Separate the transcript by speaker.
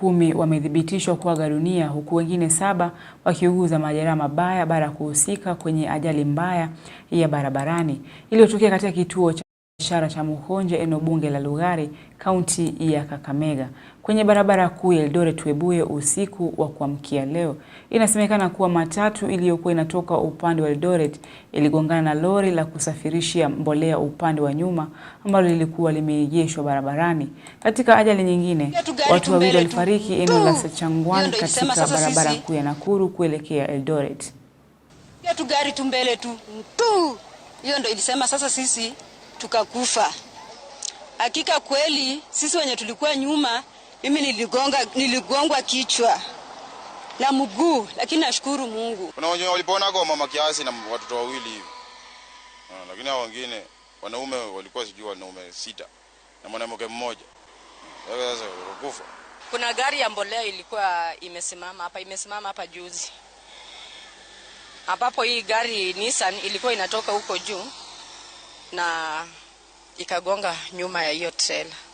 Speaker 1: kumi wamethibitishwa kuaga dunia huku wengine saba wakiuguza majeraha mabaya baada ya kuhusika kwenye ajali mbaya ya barabarani iliyotokea katika kituo cha biashara cha Muhonje eneo bunge la Lugari kaunti ya Kakamega kwenye barabara kuu ya Eldoret Webuye usiku wa kuamkia leo. Inasemekana kuwa matatu iliyokuwa inatoka upande wa Eldoret iligongana na lori la kusafirishia mbolea upande wa nyuma ambalo lilikuwa limeegeshwa barabarani. Katika ajali nyingine, watu wawili walifariki eneo la Sechangwan katika barabara kuu ya Nakuru kuelekea Eldoret.
Speaker 2: Hiyo ndio ilisema sasa sisi tukakufa. Hakika kweli sisi wenye tulikuwa nyuma, mimi niligonga, niligongwa kichwa na mguu, lakini nashukuru Mungu.
Speaker 3: Kuna wenye waliponaga mama kiasi na watoto wawili hivi, ah, lakini hao wengine wanaume walikuwa sijui wanaume sita na mwanamke mmoja. Sasa kufa.
Speaker 2: Kuna gari ya mbolea ilikuwa imesimama hapa, imesimama hapa juzi, ambapo hii gari Nissan ilikuwa inatoka huko juu na ikagonga nyuma ya hiyo trela.